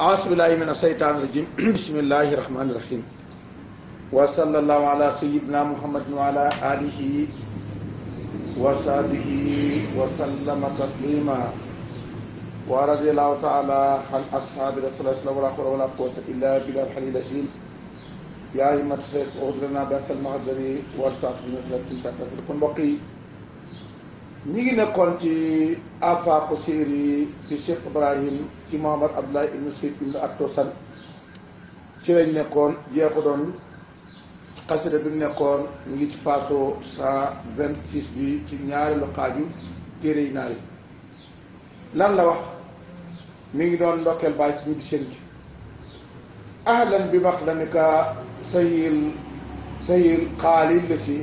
أعوذ بالله من الشيطان الرجيم بسم الله الرحمن الرحيم وصلى الله على سيدنا محمد وعلى آله وصحبه وسلم تسليما ورضي الله تعالى عن أصحاب رسول الله صلى الله عليه وسلم ولا قوة إلا بالله الحلي العظيم يا أيها الشيخ أغدرنا بأس المعذر وارتاح من الذي تكفر كن بقي ñi ngi nekkoon ci afaaku siir yi ci Cheikh Ibrahim ci Mohamad Abdoulaye ibnu Sid ibnu Atosan ci lañ nekkoon jeexu doon xasida bi nekkoon ñu ngi ci paaso cent vingt six bi ci ñaari lu xaaju téere yi naari lan la wax mi ngi doon ndokkeel bàyyi ci ñu gi seen gi ahlan bi max la ka sayil sayil xaalil la si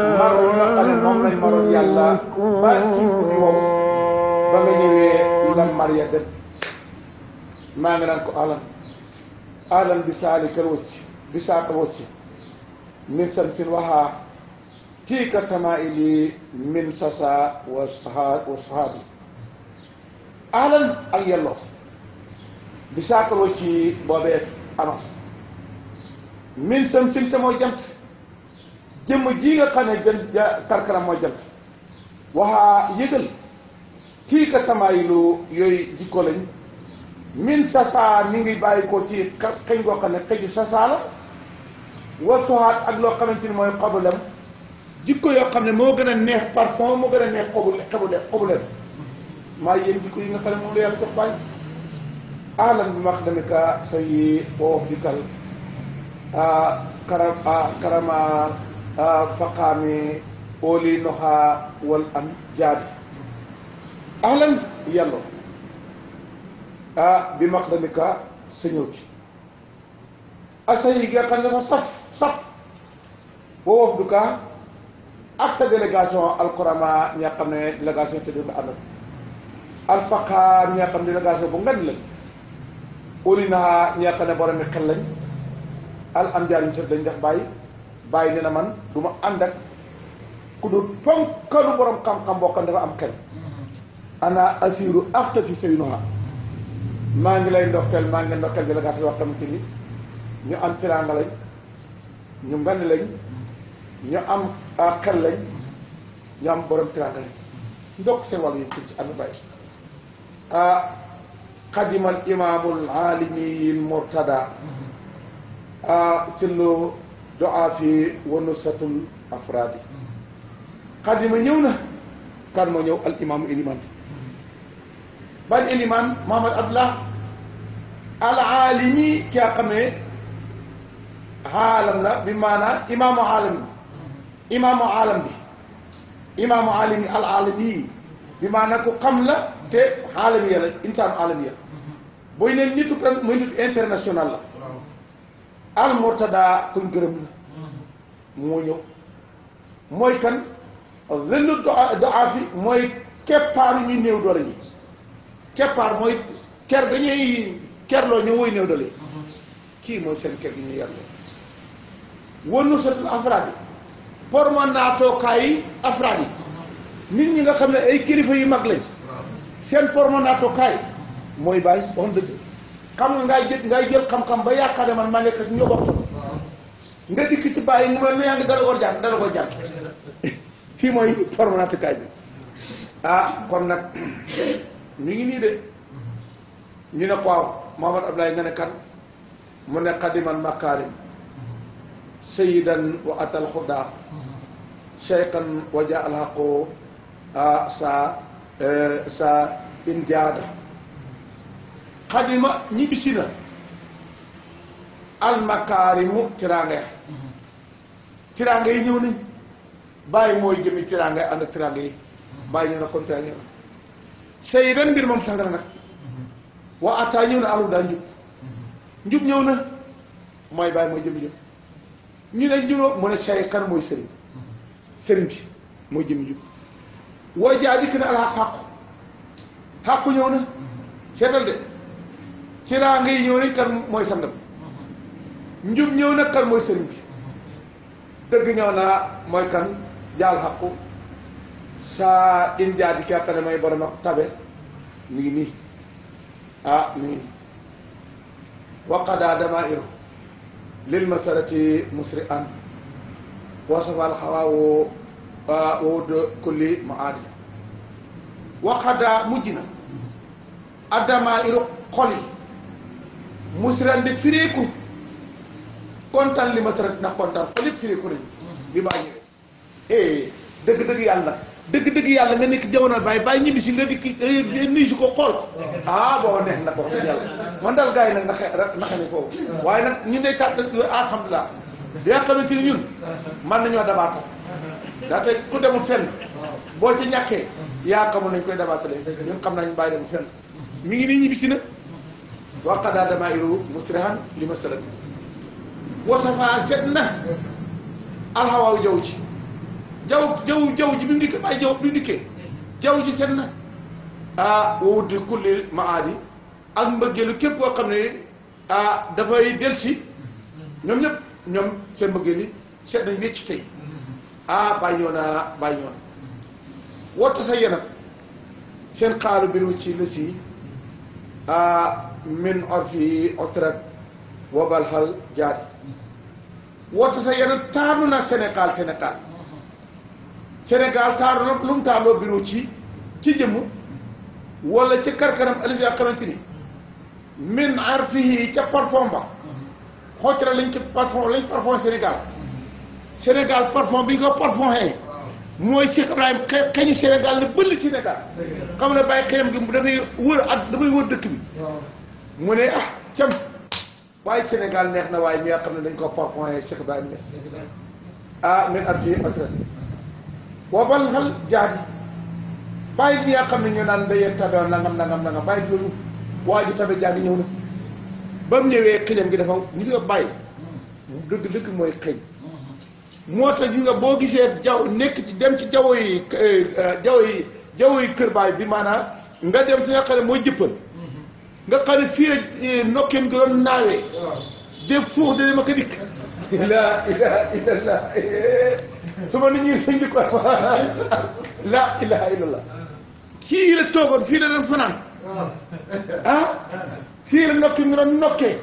maroon yi nga xam ne moom lañ maroon yàlla ba ci guddi woowu ba nga ñëwee lan Maria dem maa ngi naan ko alan alan bi saalikal wacci bi saaka wacci min samsin waxaa tiika sama ili min sasa wa sahaa wa sahaabi alan ak yelloo bi saakal wacci boobee ano min samsin te mooy jant jëmm ji nga xam ne jën karkaram mooy jant jikko lañ min sasaa mi ngi bàyyi ko ci xëñ goo xam ne xëju sasaa la war soxaat ak loo xamante ni mooy xobulam jikko yoo xam ne moo gën a neex parfum moo gën a neex xobu xobule xobulam jikko yi nga xam ne moom la yàlla jox bàyyi ahlan bi maqdamika sa yi boo karama faqaami óoli noxaa wal am jaadi ahlan yàlloo ah bi maqdamika sa ñëw ci asa yi xam ne dafa saf saf boo woof du kaa ak sa délégation alkorama ñi nga xam ne délégation te dina ànd alfaqa ñi nga xam ne délégation bu ngan lañ óoli noxaa ñi xam ne borom xel lañ al am jaadi ñu sa dañ def bàyyi bàyyi ne na man du ma ànd ak ku dul ponkalu borom xam-xam bokkan dafa am xel ana asiru axtati saynoha maa ngi lay ndokkeel maa ngi ndokkeel bi la gaa wax tamit si ni ñu am tiraanga lañ ñu ngand lañ ñu am ah, xel lañ ñu am borom tiraanga lañ seen wàllu yi ci ci amee bàyyi ah, xadimal imaamul aalimiin murtada si ah, lu doafi wa nusatul afraadi xadima ñëw na kan moo ñëw al imaamu iliman ban iliman Mohamad Abdullah al aalimi ki nga xam ne la bi maanaa imaamu aalami imaamu aalam bi imaamu aalimi al aalami bi maanaa ku xam la te aalami ya la insaanu aalami ne nitu kan mooy international la al murtada kuñ gërëm la moo ñëw mooy kan zillu doa fi mooy keppaaru ñu néew doole ñi keppaar mooy ker dañuy kerloo ñu woy néew doole kii mooy seen ker gi ñu yerloo wanu satul afraad yi pormanaatookaay afraad yi nit ñi nga xam ne ay kilifa yu mag lañ seen pormanaatookaay mooy bàyyi xam nga ngay jël ngay jël xam-xam ba yaakaar ne man maa nekk ak ñoo nga dikk ci bàyyi mu la ne yaa ngi dara ko jàng dara ko jàng fii mooy formanatukaay bi ah kon nag ñu ngi nii de ñu ne ko waaw Mohamad Abdoulaye nga ne kan mu ne xadimal makaarim sayidan wa atal xudaa cheikhan wa ja alxaqu ah, sa eh, sa xadima ñibbisi na almakaarimu tiraanga ya tiraanga yi ñëw nañ bàyyi mooy jëmi tiraanga yi ànd ak tiraanga yi bàyyi ñu na kon tiraanga yi say ren mbir moom tàngal nag waa ataa ñëw na amul daa njub njub ñëw na mooy bàyyi mooy jëmi jëm ñu ne njuboo mu ne say kan mooy sëriñ sëriñ bi mooy jëmi jub waa jaa dikk na alxaq xàqu xàqu ñëw na seetal de ci raa ngay ñëw nañ kan mooy sangam njub ñëw nag kan mooy sëriñ bi dëgg ñëw naa mooy kan jaal xaqu saa in jaati kertane may borom ak tabe mi nii ah nii waqadaa damaa iru lil masarati musri an wasafaal xawaa woo wawud kulli ma aadi waqadaa mujj na addamaa iru xol yi musirande fireeku kontaan li ma sarat ndax kontaan xol yëpp fireeku nañu bi maa ñëwee eh dëgg-dëgg yàlla dëgg-dëgg yàlla nga nekk jamono bàyyi bàyyi ñibbi si nga dikki eh, nuyu si ko xool ko ah booba neex na ko yàlla man daal gars yi nag naxe naxe ne foofu waaye nag ñun day kàtt alhamdulilah bi nga xamante ni ñun man nañoo dabaatal ndaxte ku demul fenn boo ca ñàkkee yaa xamul nañ koy dabaatalee ñun xam nañ bàyyi demul fenn mi ngi nii ñibbi si na waqadaa damaa'iru musrihan li masalati wasafaa set na alxawaaw jaww ji jaww jaww ji bi mu dikkee bàyyi jaww bi mu dikkee jaww ji set na ah wawuddi kulli maadi ak mbëggeelu képp koo xam ne ah dafay delsi ñoom ñëpp ñoom seen mbëggeeli set nañ wecc tey ah ñoo naa bàyyi ñoo na woote sa yenam seen xaalu bi ci la si min orfi otrat wa balhal jaari woote sa yenn taaru na Sénégal Sénégal Sénégal taaru na lu mu taaroo biro ci ci jëmm wala ci karkaram alis yaa xamante ni min arfihi ca parfum ba xoccra lañ ci parfum lañ parfum Sénégal Sénégal parfum bi ñu ko parfum xee mooy Cheikh Ibrahim xeñu Sénégal ne bëll Sénégal xam ne bàyyi xeñam gi dafay wër ak dafay wër dëkk bi mu ne ah cam waaye Sénégal neex na waaye ñi nga xam ne dañ ko parpoint Cheikh Ibrahima Niass ah at fii atra woobal xal jaadi bàyyi bi nga xam ne ñu naan daye tabewoon nangam nangam nangam bàyyi jooju waa ju tabe jaadi gi dafa ñu nga bàyyi dëgg dëgg mooy xëy moo tax ñu nga boo gisee jaw nekk ci dem ci jaww yi eh, eh, jaw yi jaw yi kër baay bi maanaam nga dem fi nga mooy jëppal nga xam ne fii la eh, nokkeem gi doon naawee des fois dana ma ko dikk laa ilaha illallah su ma nit ñi sëñ bi ko laa ilaha illallah kii la toogoon fii la doon fanaan ah fii la nokkeem gi doon nokkee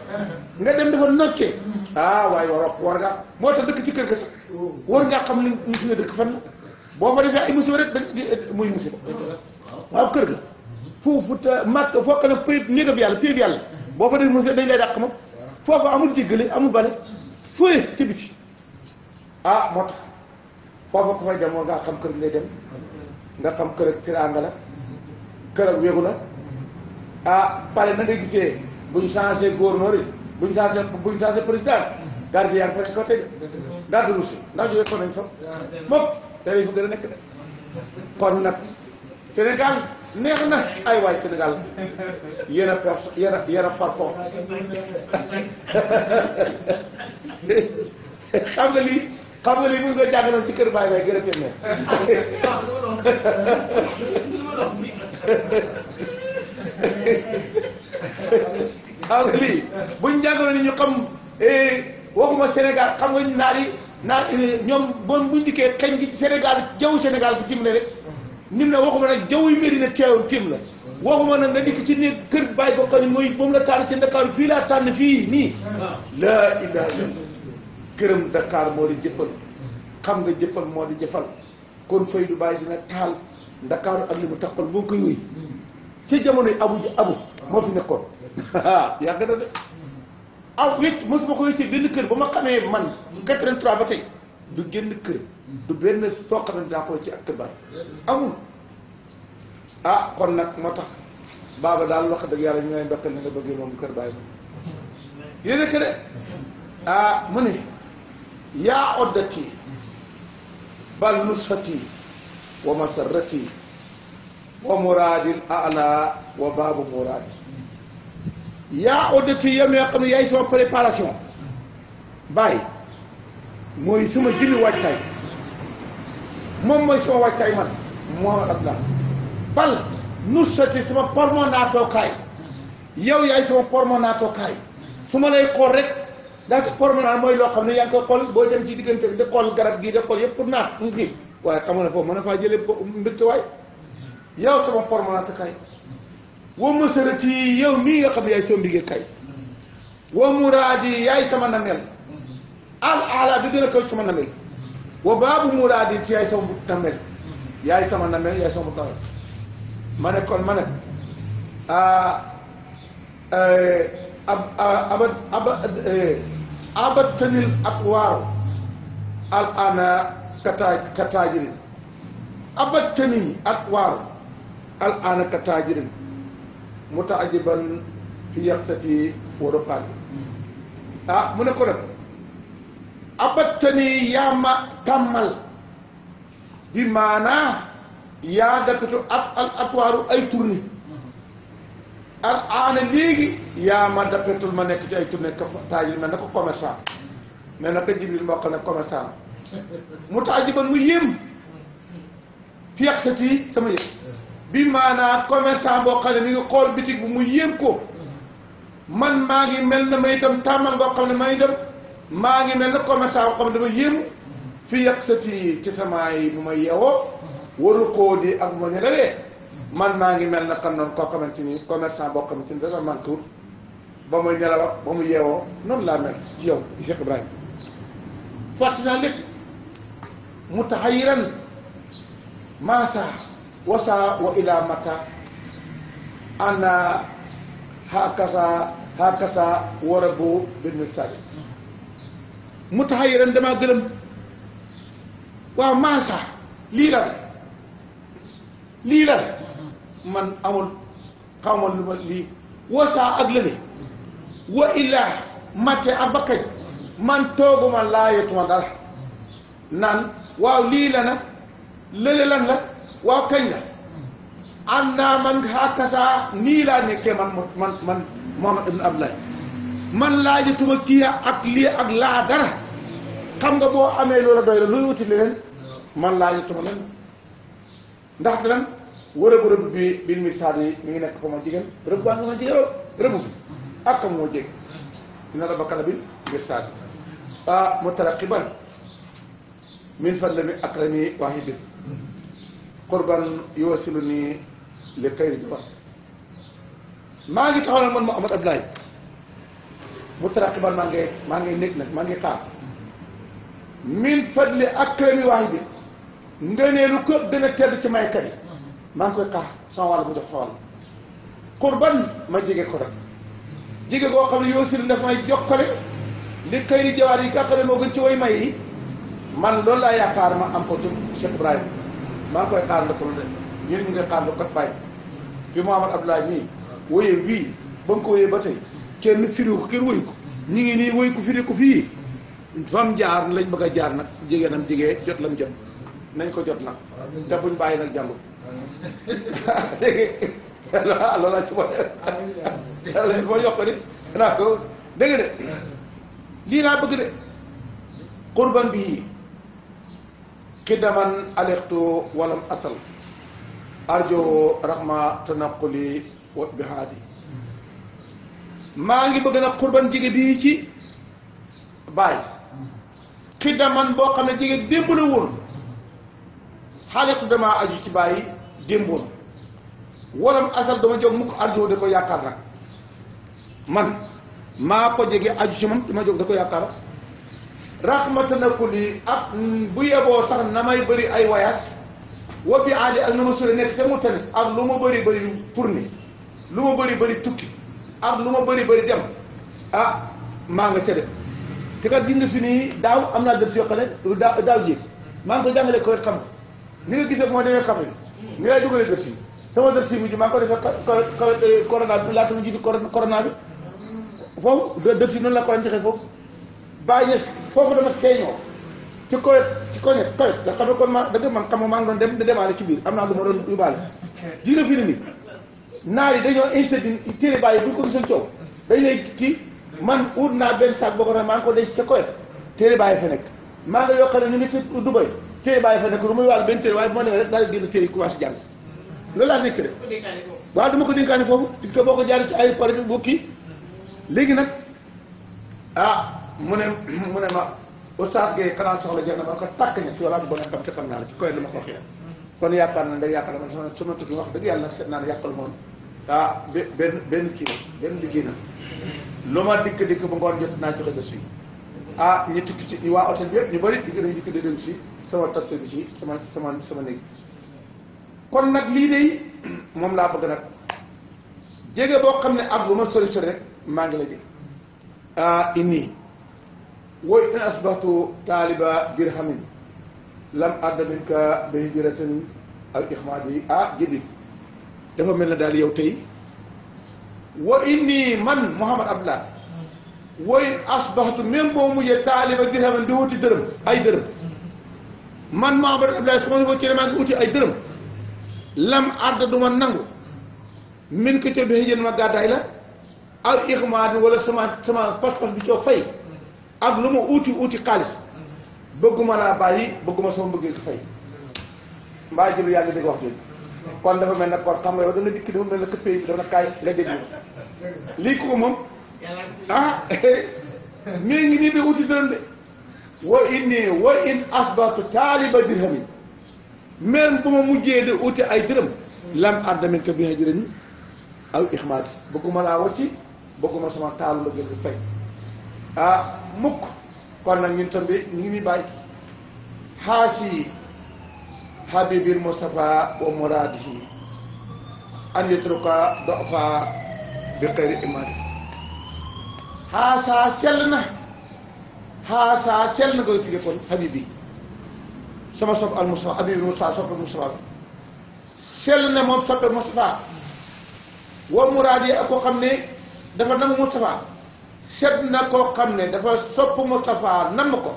nga dem dafa nokkee mm-hmm. ah waaye war war ngaa moo tax dëkk ci kër ga sax oh. war ngaa xam li nga dëkk fan la boo fa defee ay musiba rek dañ muy musiba waaw kër ga foofu te màkk foo xam ne prix néegam yàlla prix yàlla boo fa def mu dañ lay dàq moom foofu amul jéggale amul bale fooy ci biti ah moo tax foofu ko fay demoo nga xam kër gi ngay dem nga xam kër ak tiraanga la kër ak wéegu la ah pare na ngay gisee buñ changé gouverneur yi buñ changé buñ changé président gardien yaa ngi ko nañ fa moom tey fa gën a nekk de kon nag Sénégal neex na ay waay Sénégal yéen a per a a parfum xam nga lii xam nga lii bu ñu koy jàngaloon ci kër Baye Baye gën a teel xam nga lii bu ñu jàngaloon ni ñu xam eh, waxuma Sénégal xam nga naar yi naar eh, ñoom bon bu ñu dikkee xeñ gi Sénégal jaww Sénégal ci cim ne rek. nim na waxuma nag jaww yi mbiri na teewul tim la waxuma nag nga dikk ci ne kër bàyyi ko xam ne mooy moom la tànn ci Ndakaaru fii laa tànn fii nii laa ilaha illallah këram Dakar moo di jëppal xam nga jëppal moo di jëfal kon fay du bàyyi dina taal Ndakaaru ak li mu taxal boo koy wéy ci jamono yi abu abu moo fi nekkoon yàgg na de aw wécc mosuma ko wéccee benn kër ba ma xamee man 83 ba tey du génn kër du benn foqatan daa ko ci ak xibaar amul ah kon nag moo tax baaba daal wax dëgg yàlla ñu ngay mbokk na nga bëggee moom kër bàyyi ko yéen a de ah mu ne yaa oddati bal nusfati wa masarrati wa muraadin ala wa baabu muraadin yaa oddati yow mi nga yaay sama préparation bàyyi mooy suma jëmi waajtaay moom mooy suma waajtaay man Mouhamed Abdallah bal nu soti sama pormonaatoo kaay yow yaay sama pormonaatoo kaay su ma lay xool rek ndax pormonaat mooy loo xam ne yaa ngi koy xool boo dem ci diggante di xool garab gii da xool yëpp pour naat ngi mm-hmm. waaye xamoon ne faa jële mbégte waay yow sama pormonaatoo kaay wa mësarati yow mii nga xam ne yaay sama wa muraadi yaay sama nangel al ala bi gën a kaw sama namel wa baabu muraadin ci yaay sama namel yaay sama namel yaay sama namel ma ne kon ma ne ab ab ab e, abattanil ak waaru al ana kataaj kataajirin abattani ak waaru al ana kataajirin mutaajiban fi yaqsati wa ruqaani ah mu ne ko nag abattani yaa ma tàmmal bi maanaa yaa dapitu at al atwaaru ay tourni al aana léegi yaa ma dapetul ma nekk ci ay tourné ka taajir mel na ko commerçant mel na ko jibril moo xam ne commerçant la mu taajiban mu yéem fi ak sa tii sama yëg bi maanaa commerçant boo xam ne mi ngi xool bitig bu mu yéem ko man maa ngi mel na ma itam tàmmal boo xam ne may dem maa ngi mel ne commerçant xam dama yéemu fii yàq sati ci samaay bu ma yeewoo warul koo di ak bu nelawee man maa ngi mel ne xam noonu koo xamante ni commerçant boo xamante ni dafa manqué ba muy nelaw ba mu yeewoo noonu laa mel ci yow Cheikh Ibrahima fàtte naa lépp mu taxayiran maasa wasa wa ila mata ana hakasa warabu bin misali mu taxay ren damaa gëlëm waaw maasa lii la lii la man amul xaw ma lu ma lii wasaa ak lële wa illaa matte ak bakkañ man tooguma laayatuma dara naan waaw lii la nag lële lan la waaw kañ la am naa man xaakasaa nii laa nekkee man man man Mohamed Ibn Abdoulaye man laajatuma kii ak lii ak laa dara xam nga boo amee loola doy la looy leneen man laajatuma len ndax lan war a bi bil mit saat yi mi ngi nekk ko ma jigéen rëbb baa nga ma jigéen rëbb bi ak kam moo jég dina la kala bi mit saat yi min fadla akrami wahidin qurban yuwasilu nii li kayri ji wax maa ngi taxaw nag man Mouhamed Abdoulaye mu taraqiban maa ngay maa ngi nekk nag maa ngay xaar min fadli akrami waay bi ngëneelu ko gën a tedd ci maykat yi maa ngi koy xaar sama wàll mu jox sama wàll qurban ma jege ko rek jege koo xam ne yow sir daf may jokkale li kay di jawaar yi gàqale moo gën ci way may yi man loolu laa yaakaar ma am ko ci Cheikh Ibrahima maa ngi koy xaar la ko lu ñun ñu ngi xaar lu ko bàyyi fi Mouhamad Abdoulaye mii wóyee wii ba mu ko wóyee ba kenn firi ko kenn wëy ko ñu ngi nii wëy ko firi ko fii fam jaar lañ bëgg a jaar nag jigéenam jigée jot lam jot nañ ko jot nag te buñ bàyyi nag jàllu dégg nga loolu laa ci boole yàlla moo yokk ni naa de lii laa bëgg de qurban bii xidaman alextu asal arjo rahma tanaquli wat bihaadi maa ngi bëgg nag xurban jege bii ci bàyyi xiddaman boo xam ne jege démb la woon xaalitu damaa aju ci bàyyi démboon waram asal dama jóg mukk arjo da ko yaakaar nag man maa ko jege aju ci moom dama jóg da ko yaakaar raxmatanaku lii ak bu yeboo sax na may bëri ay wayaas wa bi aadi ak na ma sore nekk te mu tanis ak lu ma bëri bëri tourné lu ma bëri bëri tukki ak lu ma bëri bëri dem ah maa nga ca dem te kat gis nga fi nii daaw am naa def si yoo xam ne daaw daaw jéeg maa ngi ko jàngale ko xam ni nga gisee moo demee xam ni lay dugalee def si sama def si mujj maa ngi ko defee kaw eh, corona bi laata mu jiitu corona bi foofu def si noonu la ko doon foofu bàyyi foofu dama feeñoo ci kawet ci koñe kawet nga xam ne kon ma da nga man maa ngi doon dem di demaale ci biir am naa lu ma doon yóbbaale ji nga fi nii naar yi dañoo interdit téere bàyyi bu ñu ko gisoon coow dañ lay kii man ut naa benn sac boo ko xam maa ngi ko denc sa koy téere bàyyi fa nekk maa nga yokkale ñu ngi ci Dubaï téere bàyyi fa nekk lu muy wàll benn téere waaye bu ma demee rek daal di génn téere yi commencé jàng dama ko dénkaani foofu puisque boo ko jaaree ay pare bi bu kii nag ah mu ne mu ma Oustaz Gueye xanaa na ma ko tàkk mm-hmm. na tukki wax dëgg yàlla seet naa ne moom ah benn benn kii benn liggéey na lu ma dikk dikk ba ngoon jot naa joxe si ah ñu tukki ci ñu waa hôtel bi yëpp ñu bëri dikk dañu dikk di dem si sama taxi bi ci sama sama sama néeg kon nag lii de moom laa bëgg nag jege boo xam ne am lu ma sori sori maa ngi la jege ah inni woy in asbahtu taaliba dirhamin lam adda minka bi hijratin al ihmadi ah jibi dafa mel na daal yow tey wa inni man Mouhamad Abdallah wa in asbaxtu même boo mujjee taaliba dirhaman di wuti dërëm ay dërëm man Mouhamad Abdallah su ma ko cëre maa ngi uti ay dërëm lam arda du ma nangu min ko ca bi ma gàddaay la ak ixmaat wala sama sama pas-pas bi soo fay ak lu ma uti uti xaalis bëgguma laa bàyyi bëgguma sama bëggee fay mbaa jëlu yaa ngi dégg wax jooju kon dafa mel ne kon xam nga yow dana dikki dafa mel ne que pays lii ko moom ah mii ngi nii de uti dërëm de wa in asbatu taaliba dirhamin même bu ma mujjee de uti ay dërëm lam ardamin ka bi hajrin aw ixmaati bëgguma laa wacci bëgguma sama taalu la gën fay ah mukk kon nag ñun tam bi ngi muy bàyyi xaasi habibil Mustafa wa muradihi an yutruka dofa bi xëyri imari xaasaa sell na xaasaa sell na koy firi kon habibi sama sopp al Mustafa habibil Mustafa soppe Mustafa sell na moom soppe Mustafa wa muradihi ak koo xam ne dafa nam Mustafa set na koo xam ne dafa sopp Mustafa nam ko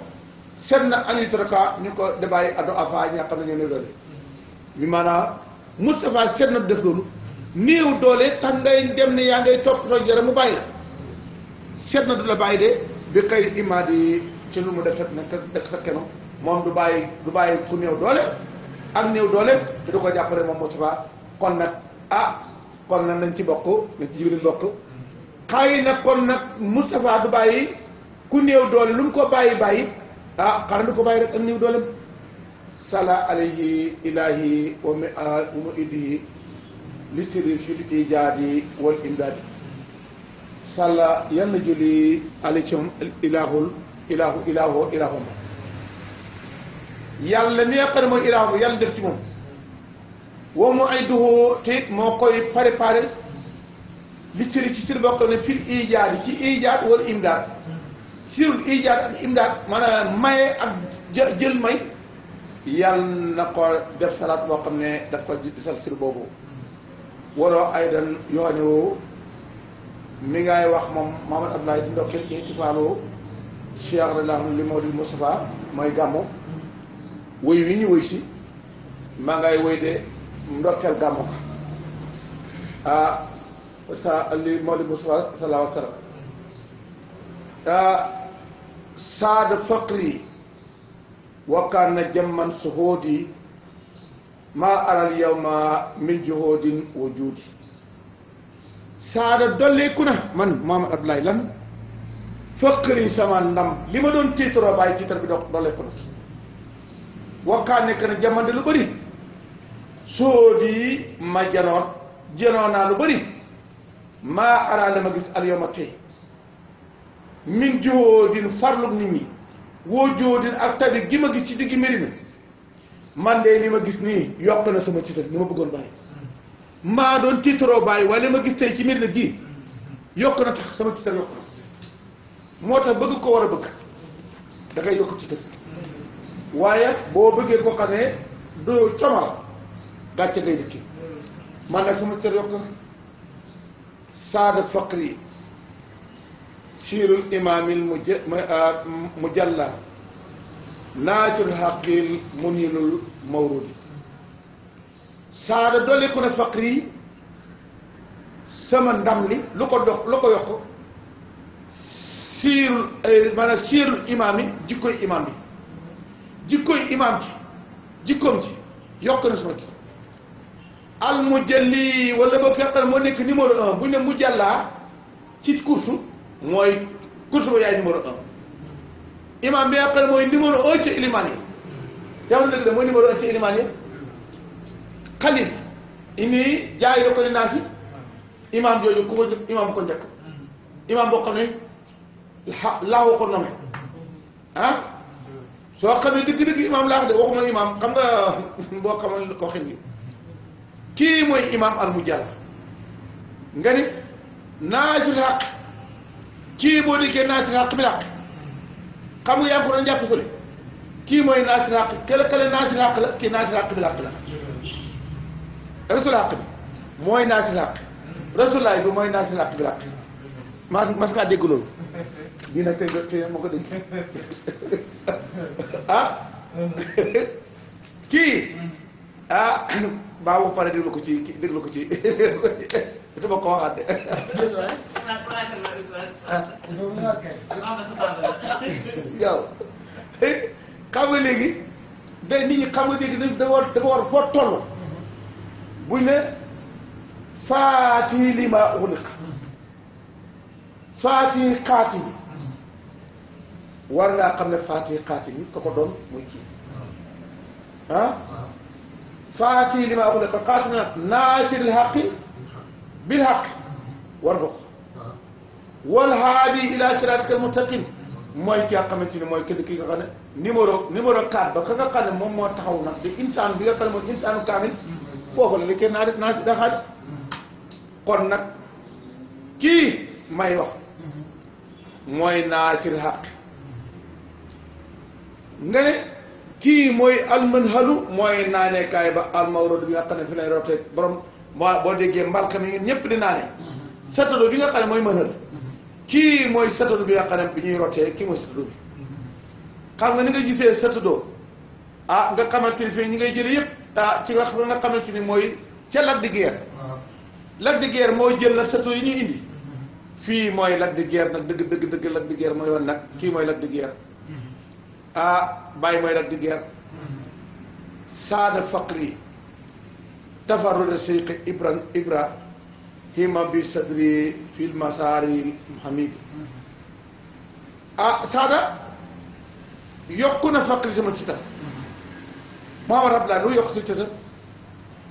seet na an yutraka ñu ko débayi addo afa ñaa xam ne ñoo néew doole bi maanaam Moustapha seet na du def loolu néew doole tax ngay dem ne yaa ngay toppatoo jara mu bàyyi seet na du la bàyyi de bi kay imaad yi ci lu mu def rek nag dëkk sa keno moom du bàyyi du bàyyi ku néew doole ak néew doole te du ko jàppale moom Moustapha kon nag ah kon nag nañ ci bokk nañ ci jibril bokk xaayi nag kon nag Moustapha du bàyyi ku néew doole lu mu ko bàyyi bàyyi ah xanaa du ko bàyyi rek ak niw doolem sala alayhi ilahi wa mi ah, mu idihi listiri fil ijaadi wal imdaadi salla yal na julli alaykum ilahul ilahu ilahoo ilahum yàlla mi nga xam ne mooy ilahum yàlla def ci moom woo mu ay duhu te moo koy préparé listiri ci sir boo xam ne fil ijaadi ci ijaad wal imdaad sirul ijaad ak imdaad maanaam maye ak jël may yàlla na ko def salaat boo xam ne daf ko gisal sir boobu waroo ay dan yoxane woowu mi ngay wax moom ma Abdoulaye di ndokkeel ihtifaaloo cheikh radiyallaahu li mawlid Moustapha mooy gàmmu woy wi ñu woy si maa ngay woy de ndokkeel gàmmu ko ah, sa li mawlid Moustapha sallallaahu alayhi wa sallam ah, saada faqri wa kaana jamman suhoodi maa aral yawma min juhoodin wa juudi saada dolleeku na man Mohamed Abdoulaye Lan faqri sama ndam li ma doon tiitaroo bàyyi tiitar bi dox dolleeku na wa kaa nekk na jamono de ma janoon janoon naa maa aral ma gis al yawma tey min juhoodin farlug nit ñi woo juhoodin ak tabi gi ma gis ci digg mbir mi man de ni ma gis nii yokk na sama titre ni ma bëggoon bàyyi maa doon tiitaroo bàyyi waaye ma gis tey ci mbir na gii yokk na tax sama titre yokk na moo tax bëgg ko war a bëgg da yokk titre waaye boo bëggee ko xamee du comal gàcce ngay dëkki man nag sama titre yokk na saada faqri siirul imaamil mujalla naatul xaqil munilul mawrudi saada dooleeku na faqri sama ndam li lu ko dox lu ko yokk siirul maanaam siirul imaam yi jikkoy imaam bi jikkoy imaam ci jikkoom ci yokk na suma ci al mujalli wala boo fekkal moo nekk numéro un bu ñu ne mujallaa ci kursu mooy course ba yaay numéro un imam bi nga xam mooy numéro un ci ilimaan yi teewul dëgg la mooy numéro un ci ilimaan yi xalil ini jaay la naasi imam jooju ku ko imam ko njëkk imam boo xam ne laahu ko nome ah soo xam ne dëgg imam laahu de waxuma imam xam boo xamoon ko kii mooy imam al mujjal nga ni naajul kii boo dikkee naa si xàq bi làq xam nga yaa ngi ko doon jàpp fële mooy naa si xàq kële kële naa si xàq la kii naa si xàq bi làq la rasul xàq bi mooy naa si xàq rasulaay bi mooy naa si xàq bi làq maa mas ngaa dégg loolu bii nag moo ko dégg ah kii mm. ah baawu pare déglu ko ci déglu ko ci itu mau koat ya eh? yow xam nga léegi day nit ñi xam nga léegi dafa war dafa war foo toll buñ ne faati lima uxliq faati xaati war ngaa xam ne faati xaati bi ka ko doon muy kii ah faati lima uxliq xaati na naasiril xaqi bil haqq warzuq wal haadi ila siraatika almustaqim mooy ki nga xamante ni mooy kenn ki nga xam ne numéro numéro ba ka nga xam moom moo taxaw nag di bi nga xam ne mooy insaanu kaamil foofu la li kenn naa def kon nag kii may wax mooy naasir xaq nga ne kii mooy almanhalu mooy naanekaay ba almawrod bi nga xam fi lay rootee moo boo déggee mbalka mi ngeen ñëpp di naane satado bi nga xam ne mooy mënal kii mooy satado bi nga xam ne bi ñuy rotee kii mooy satado bi xam nga ni nga gisee satado ah nga xamante ni fii ñi ngay jële yëpp ah ci nga xamante ni mooy ca Lac de Guiers Lac de Guiers moo jël na satado yi ñuy indi fii mooy Lac de Guiers nag dëgg dëgg dëgg Lac de Guiers mooy woon nag kii mooy lag de Guiers mm-hmm. ah bàyyi mooy Lac de Guiers mm-hmm. saada faqri tafarrude seyqi ibra ibrahima bi sadri fil masari hamidi ah yokku na faqri sama ci tam maama rabla lu yokk si tata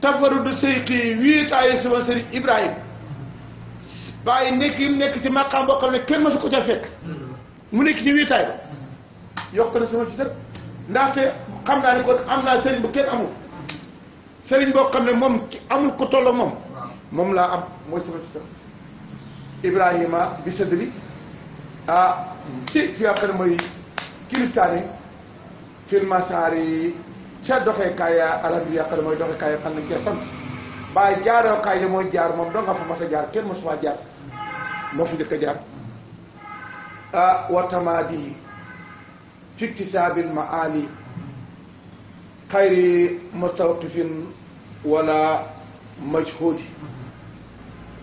tafarrude seyqi wiitaayi sama sëriñ ibrahima bàyyi nekk yi nekk ci maqaam boo xam ne kenn ma su ko ca fekk mu nekk ci yokk na sama ci tam ndaxte xam naa ne kon am naa sëriñ bu kenn amul sëriñ boo xam ne moom amul ko tollo moom moom laa am mooy sama ci ibrahima bi sadri ah ci fi nga ne mooy kiliftaane fil masaari ca doxee kaaya arab yi nga xam ne mooy doxee kaaya xam nañ cee sant waaye mooy jaar moom doo nga fa mas a jaar kenn mosu faa jaar moo fi njëkk jaar ah wa tamaadi fi iktisaabil maali غير مستوقف ولا مجهود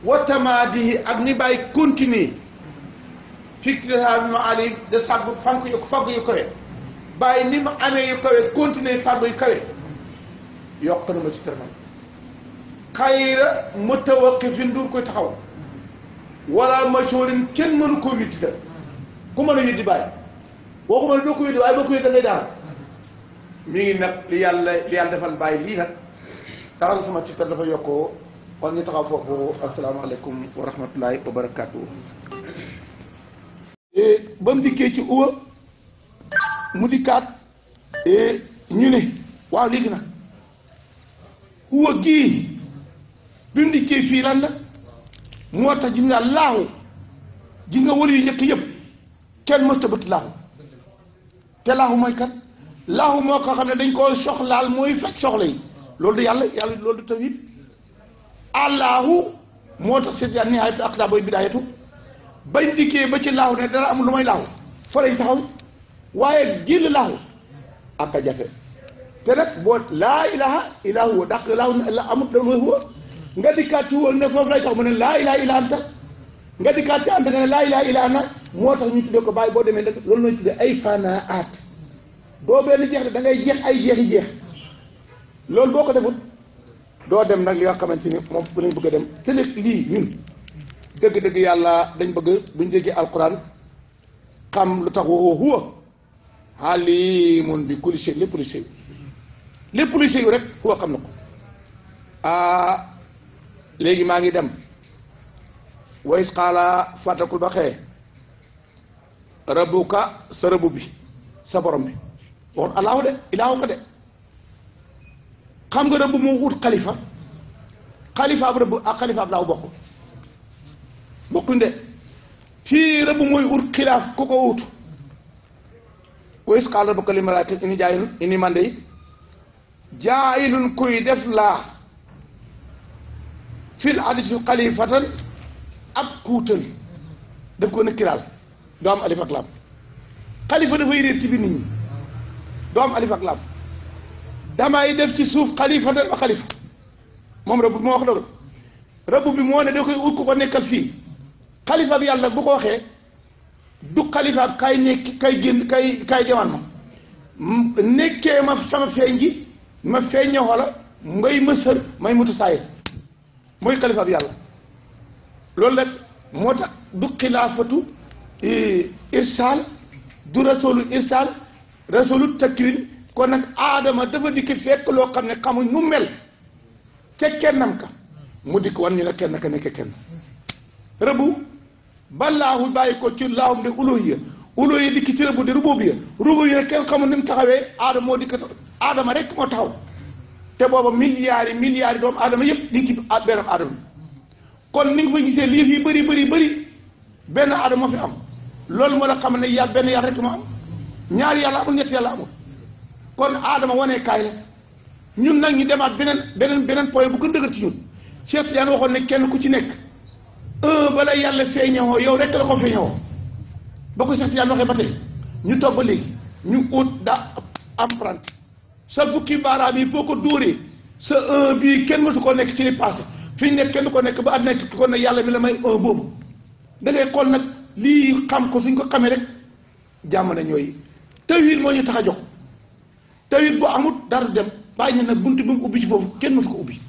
وتماديه أغني باي كونتيني فكرها بمعالي علي ده فانكو فانك فاقو يكوي باي نيم أنا يكوي كونتيني فاقو يكوه يقن مجترمان خير متوقف دور كو تخاو ولا مشهور كن من كو يدد كما نيدي باي وكما نيدي باي بكو يدد غير mi ngi nag li yàlla li defal baay lii nag taxal sama ci dafa yokkoo kon ñu taxaw foofu asalaamaaleykum wa rahmatulahi wa barakaatu. E, ba mu dikkee ci uwa mu dikkaat e, ñu ne waaw léegi nag uwa kii bi mu fii lan moo tax ji nga laaxu ji nga wër yu njëkk yëpp kenn mësta bët laaxu te laaxu mooy kat laahu moo ko ne dañ koo soxlaal mooy faj soxla yi loolu du yàlla yàlla loolu du tawhid allahu moo tax seet yaan nihaayatu ak daa booy bidaayatu bañ dikkee ba ci laahu ne dara amul lu may laahu fa lañ taxaw waaye génn laahu ak a jafe te nag boo laa ilaha illa huwa dàq laahu ne amut la mooy huwa nga dikkaat ci huwa ne foofu lay tax mu ne laa ilaha illa anta nga dikkaat ci anta nga laa ilaha illa ana moo tax ñu tuddee ko bàyyi boo demee nag loolu lañ tuddee ay fanaat do ben jeex da ngay jeex ay jeexi jeex loolu boko defut do dem nak li nga xamanteni mom moom fu lañ bëgg dem té nek li ñun deug deug yalla dañ bëgg buñu déggee alquran xam lu tax woo huwa halimun bi kulli shay lepp lu shay lepp lu shay rek huwa xam nako ah léegi ngi dem wa is fatakul fàttakul rabbuka xee rabuka bi sa borom bi loolu allahu de ilaahu ko de xam nga rëbb mu wut xalifa xalifa ab rëbb ak xalifa ab laaw bokk bokkuñ de fii rëbb mooy wut xilaaf ku ko wut wa is qaala rabbuka lil malaa'ikati inni jaa'ilun inni man dey jaa'ilun kuy def laa fil ardi xalifatan ab kuutal daf ko ne kiraal nga am alif ak laam xalifa dafay réer ci ñi doo am alif ak laam damay def ci suuf xalifatan wa xalifa moom rëbb moo wax dëgg rëbb bi moo ne da koy ut ku ko nekkal fii xalifa ak yàlla bu ko waxee du xalifa ak kay nekk kay génn kay kay moo tax du xilaafatu eh, irsaal du rasulu irsaal rasulut takrin kon nag aadama dafa dikki fekk loo xam ne xamuñ nu mel ca kennam ka mu dikk wan ñu ne kenn ka nekk kenn rëbu balaahu bàyyi ko ci laahum de uluhiya uluhiya dikki ci rëbu de rububiya rububiya kenn xamul ni mu taxawee aadama moo dikk aadama rek moo taxaw te booba milliards yi milliards yi doomu aadama yëpp ñu ngi ci benn aadama kon ni nga fa gisee lii fi bëri bëri bëri benn aadama moo fi am loolu moo la xam ne yàlla benn yàlla rek ñaar yàlla amul ñetti yàlla amul kon aadama wanee kaay la ñun nag ñu demaat beneen beneen beneen point bu gën dëgër ci ñun Cheikh Tidiane waxoon ne kenn ku ci nekk un bala yàlla feeñewoo yow rek la ko feeñewoo ba ko Cheikh Tidiane waxee ba tey ñu toog ba léegi ñu ut da empreinte sa fukki yi boo ko dóoree sa un bii kenn mësu koo nekk ci li passé fi ñu nekk kenn koo nekk ba àddina tukki kon na yàlla mi la may un boobu da ngay nag lii xam ko suñ ko xamee rek jàmm na ñooy tawhid moo ñu tax a jox tawhid bu amut dara du dem bàyyi na nag bunt bi mu ubbi ci foofu kenn mu ko ubbi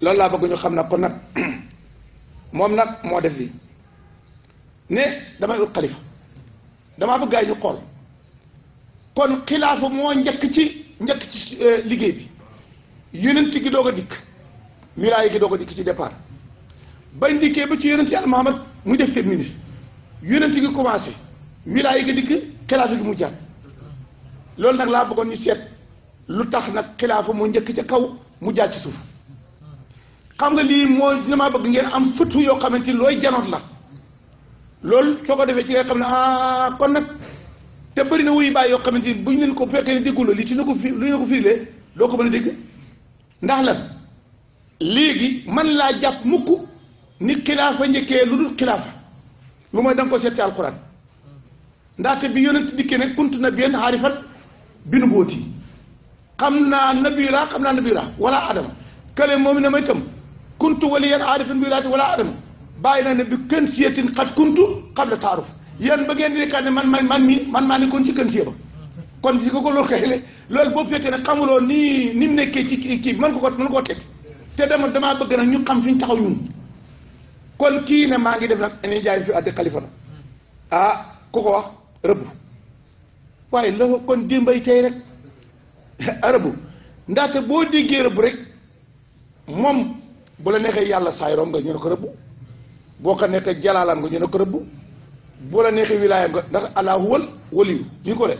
loolu laa bëgg ñu xam na kon nag moom nag moo def lii ne damay ut xalifa damaa bëgg gaay ñu xool kon xilaafa moo njëkk ci njëkk ci euh, liggéey bi yonent ki doog ko dikk wilaaya gi doog ko dikk ci départ bañ dikkee ba ci yonent yàlla Muhammad mu def ministre yonent gi commencé wilaaya gi dikk xilaafa gi mu jàpp loolu nag laa bëggoon ñu seet lu tax nag xilaafa mu njëkk ca kaw mu jaar ci suuf xam nga lii moo damaa bëgg ngeen am fëtu yoo xamante ni looy janoot la loolu soo ko defee ci nga xam ne ah kon nag te bëri na wuyu baay yoo xamante ni buñ leen ko fekkee ne dégguloo li ci la ko fi lu ñu ko firile loo ko mën a dégg ndax lan léegi man laa jàpp mukk ni xilaafa njëkkee lu dul xilaafa lu mooy da nga ko seet ci alquran ndaxte bi yonent dikkee ne kunt na bien xaarifat binu booti xam naa nabira xam naa nabira wala adama kële moom a ma itam kuntu waliyan aarifin bi laati wala adama bàyyi naa ne bi kën siyatin xat kuntu xam la taaruf yéen ba ngeen di ne man man man mii man maa nekkoon ci kën siya ba kon si ko ko loolu kay loolu boo fekkee ne xamuloo nii ni mu nekkee ci kii mën ko ko mën koo teg te dama damaa bëgg nag ñu xam fi ñu taxaw ñun kon kii ne maa ngi def nag dañuy jaay fi àddi xalifa na ah ku ko wax rëbb waaye la kon démbay tey rek arabu ndaxte boo déggee rëbb rek moom bu la neexee yàlla saayiroom nga ñu ne ko rëbb boo ko nekkee jalaalam nga ñu ne ko rëbb boo la neexee wilaayam nga ndax alaahu wal waliyu ko de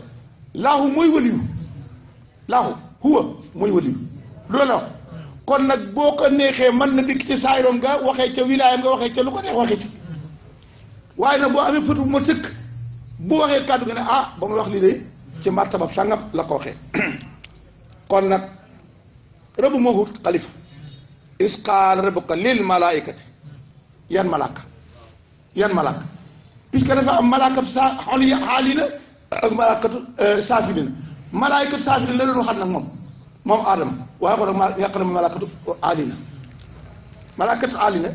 laahu mooy waliyu laahu huwa mooy waliyu lu la wax kon nag boo ko neexee mën na dikk ci saayiroom nga waxee ca wilaayam nga waxee ca lu ko neex waxee ci waaye nag boo amee fët bu ma sëkk bu waxee kàddu gi ne ah ba muy wax lii de ci martabab sàngam la ko waxee kon nag rëbb moo xut xalifa isqaal rabbuka lil malaikati yan malaaka yan malaaka puisque dafa am malaakab sa xol yi xaali la ak malaakatu saafili la malaayikatu saafili la doon waxaat nag moom moom aadama waaye ko nag ma yàq na malaakatu aali na malaakatu aali na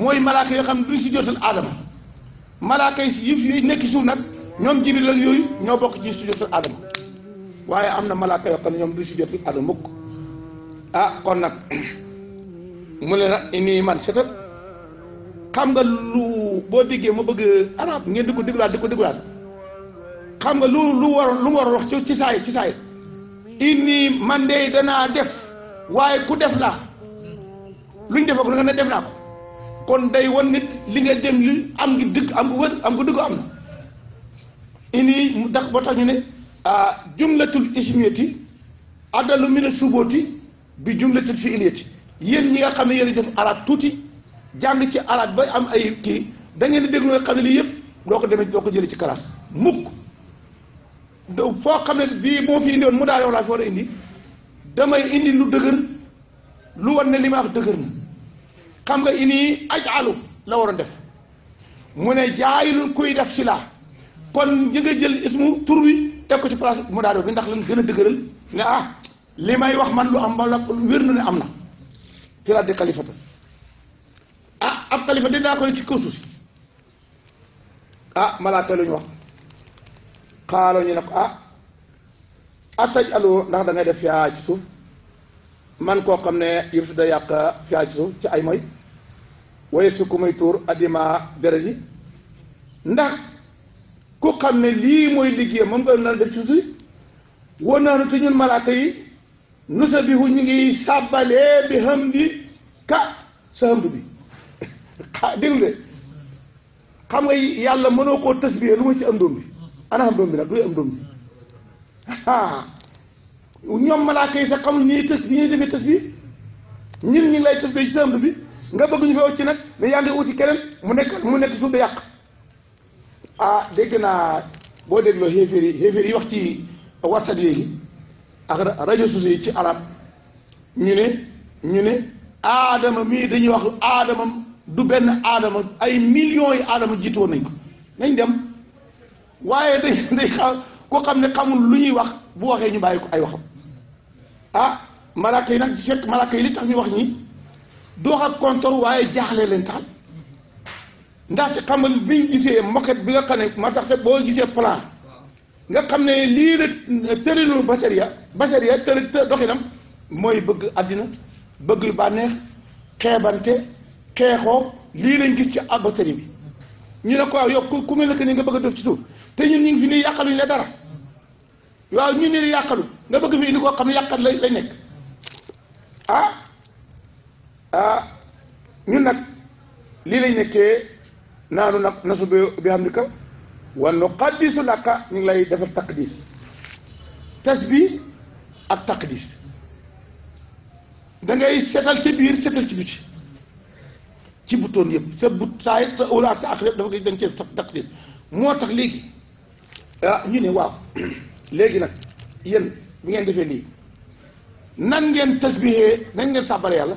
mooy malaaka yoo xam ne duñ si jotal aadama malaka yi yëf yooyu nekk suuf nak ñom jibril ak yoy ñoo bok ci sujjóotul adam waye amna malaka yo yoo xam ne du sujjóotul adam mukk ah kon nak mu ne nag nii man setal xam nga lu bo digge ma bëgg arab ngeen diko ko diko di xam nga lu lu war lu war wax ci say ci say ini man de dana def waye ku def la luñ def ak lu nga def naa ko kon day wan nit li nga dem li am ngi dëkk am nga wër am nga dëgg am na ini mu tax boo tax ñu ne jumlatul ismiyati adalu mina subooti bi jumlatul fiiliyati yéen ñi nga xam ne yéen a def araab tuuti jàng ci araab ba am ay kii da ngeen di déglu nga xam ne lii yëpp doo ko demee doo ko jëlee ci classe mukk foo xam ne bii moo fi indi mu daa yow laa fi war a indi damay indi lu dëgër lu wan ne li ma wax dëgër na xam nga ini aj alu la waroon def mu ne jaayilul kuy def si laa kon ñi nga jël ismu tur wi teg ko ci place mu daado bi ndax lan gën a dëgëral ne ah li may wax man lu am wala wér na ne am na fi laa di xalifata ah ab xalifa dinaa koy ci kaw suuf si ah malaaka lu ñu wax xaaloo ñu ne ko ah astaj aloo ndax da def yaa ci man koo xam ne yëpp su da yàq fi suuf ci ay mooy waaye su ku muy tuur addima deret yi ndax ku xam ne lii mooy liggéey moom nga naan def ci suuf woon naa ne te ñun malaaka yi nu sa bihu ñu ngi sàbbalee bi xam ka sa xamdu bi xa dégg nga xam nga yàlla mënoo koo tasbiyee lu ma ci am doom bi ana am doom bi nag luy am doom bi ñoom malaaka yi sax xamul ñuy tës ñuy defee tës bi ñun ñu ngi lay tës bi ci sëmb bi nga bëgg ñu fa ci nag mais yaa ngi uti keneen mu nekk mu nekk suuf bi yàq ah dégg naa boo dégloo xéeféer yi xéeféer yi wax ci WhatsApp léegi ak rajo sociaux yi ci arab ñu ne ñu ne aadama mii dañuy wax aadama du benn aadama ay millions yi aadama jiitu woon nañ ko nañ dem waaye day day xam xam ne xamul lu ñuy wax bu waxee ñu bàyyi ko ay waxam ah malaaka yi nag fekk malaaka yi li tax ñu wax ñi doox ak kontor waaye jaaxle leen taxal ndaxte bi biñ gisee moquette bi nga xam ne ma tax te boo gisee plan nga xam ne lii la tëralul basaria basaria tëral doxinam mooy bëgg àddina bëgg yu bànneex xeebante xeexoo lii lañ gis ci basari bi ñu ne ko waaw yow ku ku mel ne que ni nga bëgg a def ci suuf te ñun ñu ngi fi nii yàqaluñ la dara waaw ñu ne yàqalu nga bëgg fi indi koo xam ne yàqat lay lay nekk ah ah ñun nag lii lay nekkee naanu nag nasu bi bi xam ni ka wa nuqaddisu laka ñu ngi lay defal taqdis tasbih ak taqdis da ngay setal ci biir setal ci biti ci butoon yëpp sa but sa awla sa ak yëpp dafa koy dañ cee taqdis moo tax léegi ah ñu ne waaw léegi nag yéen bi ngeen defee lii nan ngeen tasbihee nan ngeen sàbbale yàlla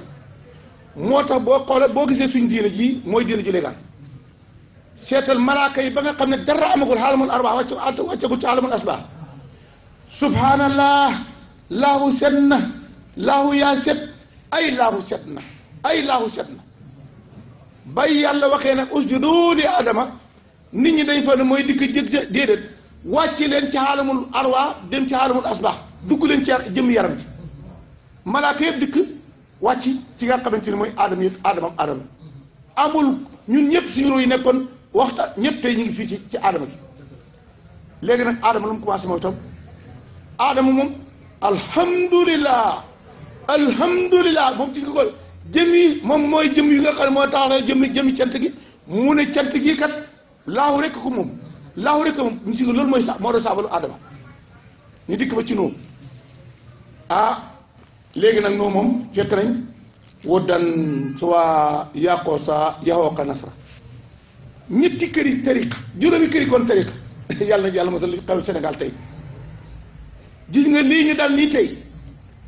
moo tax boo xoolee boo gisee suñu diina ji mooy diina ji légal seetal malaaka yi ba nga xam ne dara amagul xaalamul arbaax wàcc wàccagul ci xaalamul asbaax subhanallah laahu set na laahu yaa set ay laahu set na ay laahu set na bay yàlla waxee nag usjudu li adama nit ñi dañ fa ne mooy dikk jëg déedéet wàcc leen ci xaalamul arwaax dem ci xaalamul asbaax dugg leen ci jëm yaram ji malaaka yëpp dikk wàcc ci nga xamante ni mooy aadama yëpp aadama ak aadama amul ñun ñëpp suñu ruu yi nekkoon waxtaan ñëpp ñu ngi fii ci ci aadama gi léegi nag aadama lu mu commencé mooy tam aadama moom alhamdulillah alhamdulillah moom ci ko jëm yi moom mooy jëm yi nga xam ne moo tax na jëm jëmi cant gi mu ne cant gi kat laaw rek ko moom laaw rek ko moom ñu si loolu mooy sa moo doon saabalu aadama ñu dikk ba ci noonu ah léegi nag noo moom fekk nañ wuddan suwaa yàqoo sa yaxoo ka nafra ñetti këri tariqa juróomi këri kon tariqa yàlla na yàlla mosal li xaw Sénégal tey gis nga lii ñu dal nii tey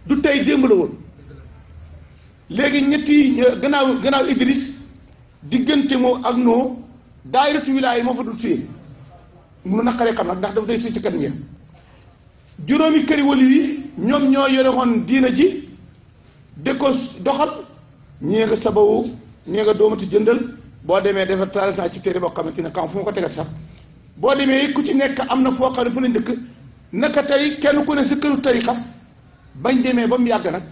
du tey démb la woon léegi ñetti gannaaw gannaaw Idriss diggante moom ak noo daayiratu wilaay moo fa dul suyee mu naqaree xam nag ndax dafa day suy ci kan ñeex juróomi këri wali yi ñoom ñoo yore woon diina ji de ko doxal ñee nga sabawu ñee nga doomati jëndal boo demee dafa taal naa ci téere boo xamante ne kam fu ko tegal sax boo demee ku ci nekk am na foo xam ne fu la ndëkk naka tey kenn ko ne sa këru xam bañ demee ba mu yàgg nag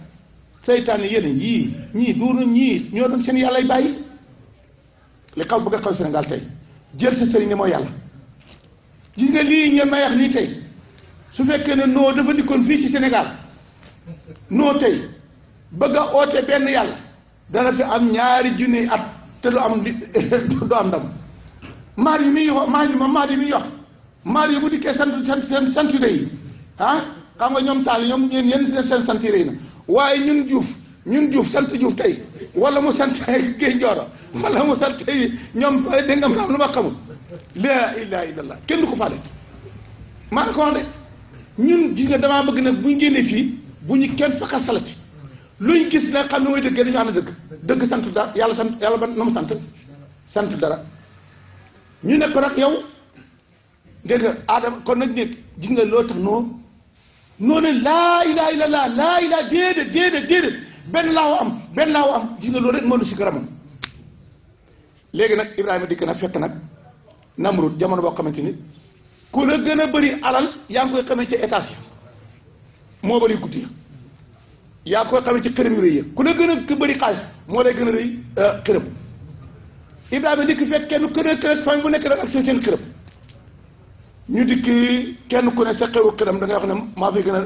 seytaane yeneen yii ñii duur na ñii ñoo dem seen yàlla bàyyi li xaw bëgg a xaw Sénégal tey jël sa sëriñ ne mooy yàlla gis nga lii ngeen may wax nii tey su fekkee ne noo dafa dikkoon fii ci Sénégal noo tey bëgg a oote benn yàlla dana fi am ñaari junni at te lu am du am ndam maar yi muy wax maar yi ma maar yi muy wax maar yi bu dikkee sant sant seen sant yu rëy ah xam nga ñoom taal ñoom ñeen yeen seen seen sant yu rëy na waaye ñun Juuf ñun Juuf sant Juuf tey wala mu sant Géy Jooro wala mu sant ñoom dégg nga am lu ma xamul laa ilaaha illallaah kenn du ko faale maa ko wax ñun gis nga damaa bëgg nag bu ñu génnee fii bu ñu kenn faqa salati luñ gis nag xam ne mooy dëgg dañu xam ne dëgg dëgg sant dara yàlla sant yàlla ba na mu sant sant dara ñu ne ko nag yow dégg nga aadama kon nag nit gis nga loo tax noo noo ne laa ilaa ilaa laa laa ilaa déedéet déedéet déedéet benn laa am benn laa am gis nga loolu rek moo lu si garamam léegi nag Ibrahima dikk na fekk nag Namrud jamono boo xamante ni ku la gën a bari alal yaa ngi koy xamee ci étage yi moo bëri guddi ya yaa ngi koy xamee ci këram yu rëy ya ku la gën a bari xaalis moo lay gën a rëy euh, këram Ibrahima dikk fekk kenn ku ne kër bu nekk ak seen seen këram ñu dikk kenn ku ne sa xewu këram da ngay wax maa fi gën a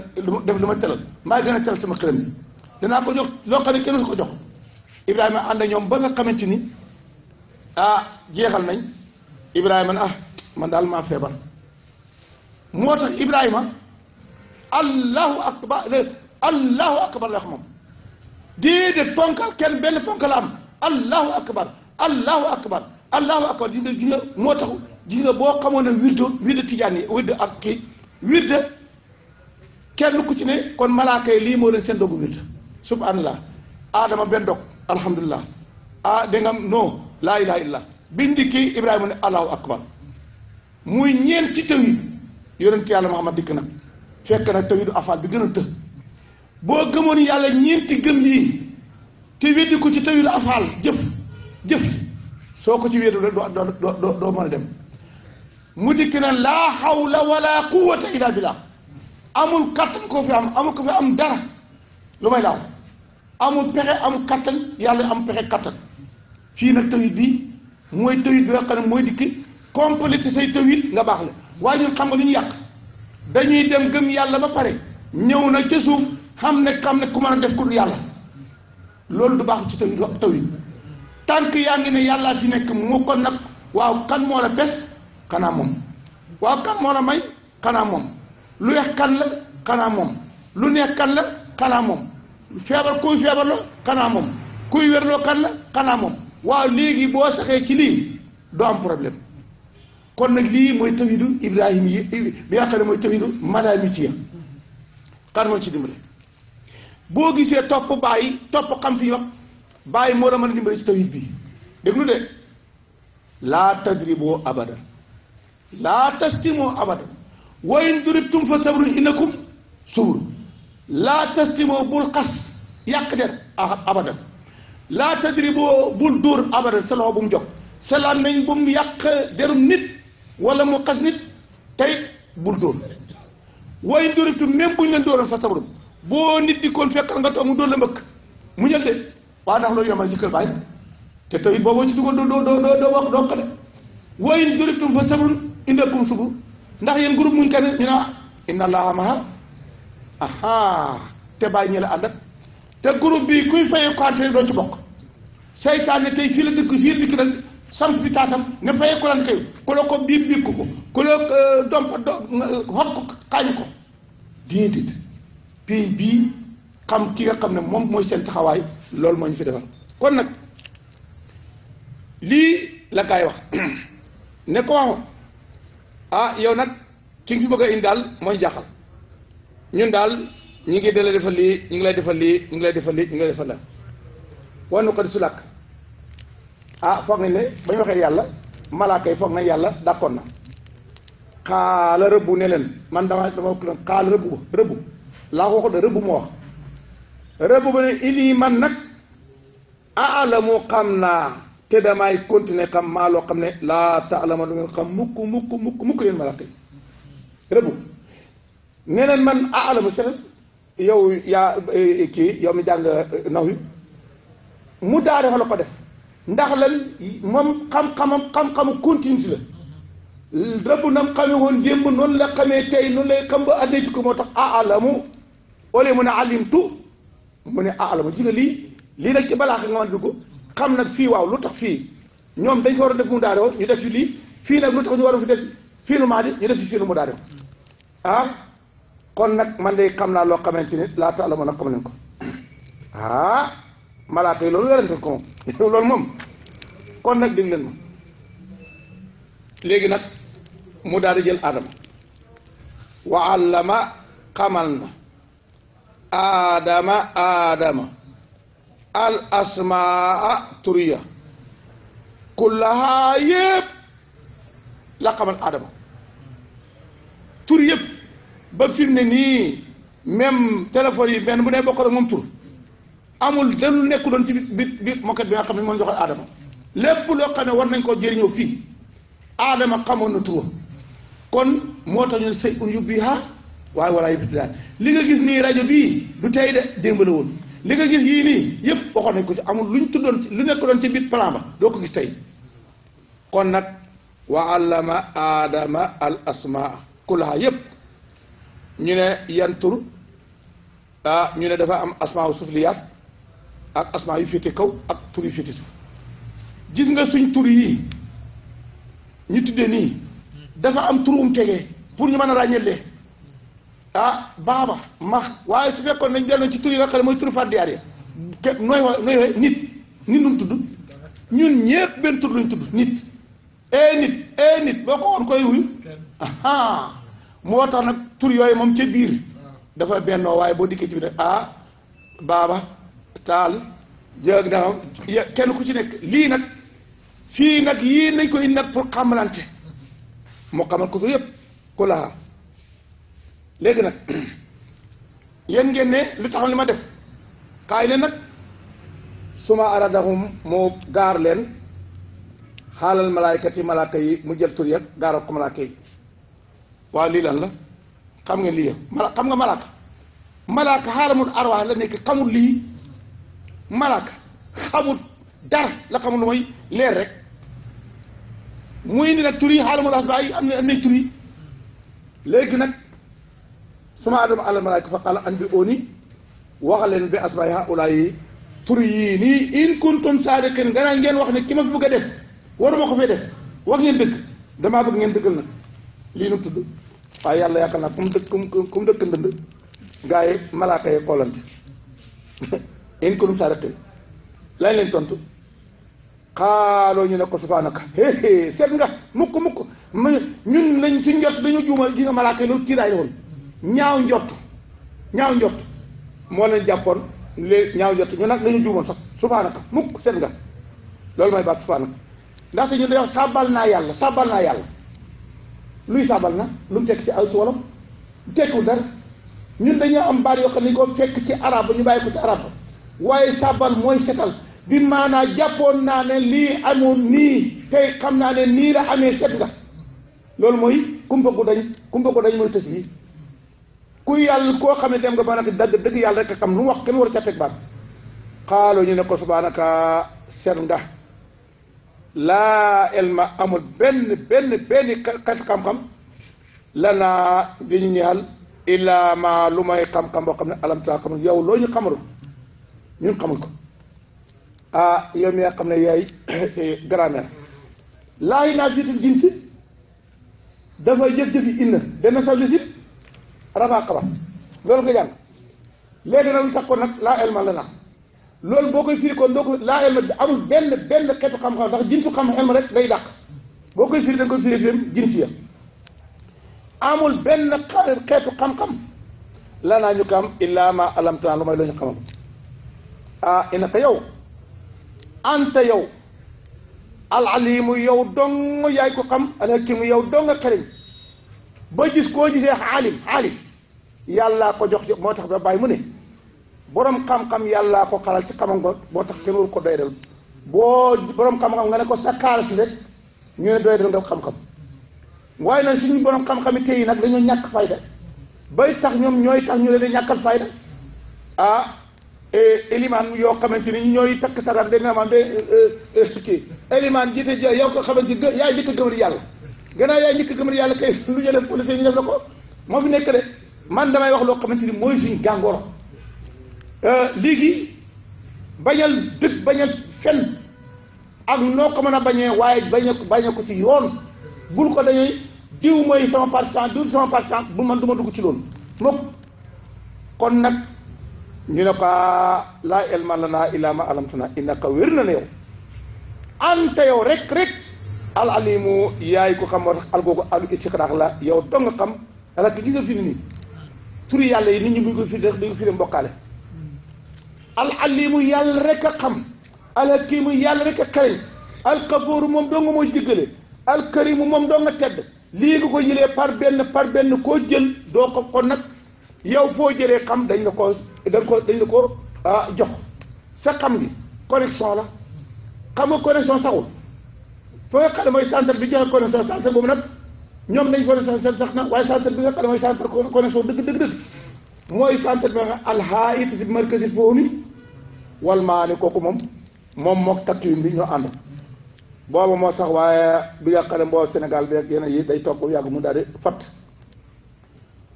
def lu ma telal maa gën a telal sama këram bi danaa ko jox loo xam ne kenn ko jox Ibrahima ànd ak ñoom ba nga xamante ni ah jeexal nañ Ibrahima ah man daal maa feebar. moo tax Ibrahima allahu akbar allahu akbar la wax moom déedéet ponkal kenn benn ponkal am allahu akbar allahu akbar allahu akbar ji nga moo tax ji nga boo xamoon ne wirde wirde tijaan yi wirde ak kii wirde kenn ku ci ne kon malaaka yi lii moo leen seen dogu wirde subhanallah aadama benn dog alhamdulillah ah da nga non laa ilaha illallah bindi kii Ibrahima ne allahu akbar muy ñeent ci yonent yàlla Muhammad dikk na fekk nag tawidu afaat bi gën a të boo gëmoon yàlla ñeenti gëm yii te weddi ko ci tawidu afaal jëf jëf soo ko ci weddu rek doo doo doo mën a dem mu dikk na laa hawla wala quwwata illa billah amul kattan koo fi am amul ko fi am dara lu may laaw amul pexe am kattan yàlla am pexe kattan fii nag tawit bi mooy tawit bi nga xam mooy dikk complété say tawit nga baax la waajur xam nga lu ñu yàq dañuy dem gëm yàlla ba pare ñëw na ca xam ne xam ne ku mën a def ku dul yàlla loolu du baax ci taw taw yi tànk yaa ngi ne yàllaa fi nekk mu kon nag waaw kan moo la bes xanaa moom waaw kan moo la may xanaa moom lu weex kan la xanaa moom lu neex kan la xanaa moom feebar kuy feebarloo xanaa moom kuy wérloo kan la xanaa moom waaw léegi boo saxee ci lii doo am problème kon nag lii mooy tawhidu Ibrahim yi bi nga xam ne mooy tawhidu manaami ci ya xar ci dimbale boo gisee topp bàyyi topp xam fi ñu wax moo la mën a dimbale ci tawhid bi déglu de laa tadriboo abada laa tastimoo abada wa in duribtum fa sabrun innakum subru laa tastimoo bul xas yàq der ah, abada laa tadriboo bul dóor abada sa loxo bu mu jog sa nañ bu mu yàq derum nit wala mu xas nit tey bul dóor waaye dóoratu même bu ñu leen dóoroon fa sabarum boo nit dikkoon fekkal nga toog mu dóor la mbëkk mu ñal de waaw ndax loolu yomal jëkkal bàyyi te tey booboo ci dugal doo doo doo doo wax doo ko de waaye dóoratu fa sabarum indakum subu ndax yéen groupe muñ kenn ñu ne ah, inna allaha maha aha te bàyyi ñi la ànd ak te groupe bi kuy fay kontre doo ci bokk seytaane tey fii la dëkk fii la dëkk nag samp bi taasam ne faye ko lan xew ku la ko biib biib ko ku la euh, domp euh, xot ko xaañu ko déedéet pays bii xam ki nga xam ne moom mooy seen taxawaay loolu moo ñu fi defar kon nag lii la kaay wax ne ko waxoon ah yow nag ki nga fi bëgg a indi daal mooy jaaxal ñun daal ñu ngi la defal lii ñu ngi lay defal lii ñu ngi lay defal lii ñu ngi lay defal la wannu ko di su làkk ah foog nañ ne ba waxee yàlla malaaka yi foog nañ yàlla d'accord na xaala rëbbu ne leen man dama dama xaala rëbbu rëbbu laa ko waxu de rëbbu moo wax rëbbu ba ne ini man nag aalamu xam naa te damay continuer xam maa loo xam ne laa taalama a ngeen xam mukk mukk mukk mukk yéen malaaka yi rëbbu ne man aalamu seet yow yaa eh, kii yow mi jàng eh, naw yi mu daa defa la ko def ndax la moom xam-xamam xam-xamu continue la rëbb nam xame woon démb noonu la xamee tey noonu lay xam ba àddee ko moo tax aalamu ole mu ne alimtu mu ne aalamu ci nga lii lii nag ci balaa nga man dugg xam nag fii waaw lu tax fii ñoom dañ ko war a def mu daaroo ñu def ci lii fii nag lu tax ñu war a fi def fii nu maa ñu def ci fii nu mu daaroo ah kon nag man de xam naa loo xamante ni laata la mën a xam leen ko ah malaaka yi loolu werante ko loolu moom kon nag dégg leen ma léegi nag mu daal di jël aadama wa allama xamal na aadama aadama al asmaa turiya kullahaa yëpp la xamal aadama tur yëpp ba fi mu ne nii même téléphone yi benn bu ne bokk ak moom tur amul danu nekku doon ci bit bi moket bi nga xam mo joxal adama lepp lo xamne ne war nañ ko jeriño fi adama xamoon tu kon moo tax ñu sey un yubbi ha waaye walaa yubbi daal li nga gis ni radio bi du tay de démb won li nga gis yi ni yep waxo nañ ko ci amul luñ tudon lu nekk doon ci bit plan ba do ko gis tay kon nak wa allama adama al asma kulha yep ñu ne yantur ah ñu ne dafa am wa sufliyat ak asmaa yu féete kaw ak tur yu féete suuf gis nga suñ tur yi ñu tuddee nii dafa am turum tegee pour ñu mën a ràññeelee ah baaba max waaye su fekkoon nañ delloo ci tur yi nga xam mooy turu fàddiyaar ya képp nooy wa nit nit nun tudd ñun ñëpp benn tur lañ tudd nit ee nit ee nit boo ko woon koy wuyu moo tax nag tur yooyu moom ca biir dafa bennoo waaye boo dikkee ci biir ah baaba taal kenn ku ci nekk lii nag fii nag yii nañ ko indi nag pour xamalante moo xamal ko fi yëpp ku laa léegi nag yéen ngeen ne lu taxam li ma def kaay leen nag suma aradahum moo gaar leen xaalal malaaykat yi malaaka yi mu jël tur yëpp gaaral ko malaaka yi waaw lii lan la xam nga malaaka malaaka xaalamul arwaax la nekk xamul lii malaka xamul dara la xamul mooy leer rek muy indi nak tur yi xaaral ma am na am nañ tur yi léegi nag suma adama alal malaaka fa qala an bi ooni wax leen bi asbaay haulaa yi tur yii nii in kuntum saadiqin ganaa ngeen wax ne ki ma fi bëgg def wax ngeen dëgg damaa bëgg ngeen dëggal nag lii nu tudd waaye yàlla yaakaar naa kum dëkk kum ndënd gaa malaaka yi xoolante in lañ leen tontu xaaloo ñu ne ko subhaanaka hee seet nga mukk mukk ñun lañ ci njot dañu juumal gis nga malaaka yi loolu kiiraay la woon ñaaw njott ñaaw njott moo leen jàppoon léegi ñaaw njott ñu nag dañu juumoon sax subhaanaka mukk seet nga loolu may baat subhaanaka ndaxte ñun dañoo saabal naa yàlla saabal naa yàlla luy saabal na lu mu tekk ci aw ci wolof tekkiwul dara ñun am baat yoo xam ne ko fekk ci arab ñu bàyyi ko ci arab waaye sàbbal mooy setal bi maanaa jàppoon naa ne lii amoon nii tey xam naa ne nii la amee set nga loolu mooy kumpa ko dañ kumpa ko dañ mooy te lii ku yàlla koo xam ne dem nga ba nag dëgg dagg yàlla rek a xam lu mu wax kenn war ca teg baat xaaloo ñu ne ko subhanaka set nga laa elma amul benn benn benn kat xam-xam lanaa di ñu ñeel illaa ma lu may xam-xam boo xam ne alam taa xam yow loo ñu xamalul ñun xamuñ ko ah yow mi nga xam ne yaay grammaire laay naa jiitul jin si jëf-jëfi inna benn saw bi si rabaa xabar loolu nga jàng léegi nag lu tax ko nag laa elma la naa loolu boo koy firi kon doo ko laa elma amul benn benn xeetu xam-xam ndax jinsu xam-xam rek ngay daq boo koy firi da nga amul benn xeetu xam-xam la naa ñu kam illaa ma alamtanaa lu may loo ñu xamam ah innaka yow anta yow alalimu yow dong yaay ko xam alhakimu yow dong xereñ ba gis koo gisee aalim aalim yàllaa ko jox moo tax ba bàyyi mu ne borom xam-xam yàllaa ko xalal ci xamam ko moo tax kenn warul ko doy dal boo borom xam-xam nga ne ko sa kaalas rek ñu ne doy dal nga xam-xam waaye nag suñu borom xam-xami tey nag dañoo ñàkk fayda ba tax ñoom ñooy tax ñu leen di ñàkkal fayda ah, Eh, elimaan yoo xamante ni ñooy takk sagar dégg eh, eh, nga maam de kii elimaan jiite yow ko xamante ni yaay njëkk gëmal yàlla gannaaw yaay njëkk gëmal yàlla kay lu ñu def policier ñu moo fi nekk de man damay wax loo xamante ni mooy suñ gàngoor léegi bañal dëkk bañal fen ak noo ko mën a bañee waaye ko bañe ko ci yoon bul ko dañuy diw mooy sama partisan diw sama partisan bu man du ma dugg ci loolu mukk kon nag ñu ne ko ah, laa ilma lanaa illaa ma alamtuna innaka wér na ne yow anta yow rek rek al alimu yaay ko xam moo tax al googu al istiqraaq la yow dong nga xam parce que gis nga fi mu nii turi yàlla yi nit ñi bu ñu ko fi def dañu fi dem mbokkaale al alimu yàlla rek a al hakimu yàlla rek a al kafuuru moom dong mooy jéggale al karimu moom dong tedd lii nga ko jëlee par benn par benn koo jël doo ko kon nag. yow foo jëlee xam dañ la ko dañ ko dañ la ko ah, jox sa xam gi connexion la xam nga connexion saxul foo nga xam ne mooy centre bi joxe connexion centre boobu nag ñoom dañ connexion seen sax na waaye centre bi nga xam ne mooy centre connexion dëgg mooy centre bi nga xam alxaayit si wal maa ni kooku moom moom mook takkiwin bi ñoo ànd boobu moo sax waaye bu nga xam ne mboo Sénégal bi ak yi day toog yàgg mu daal di fatt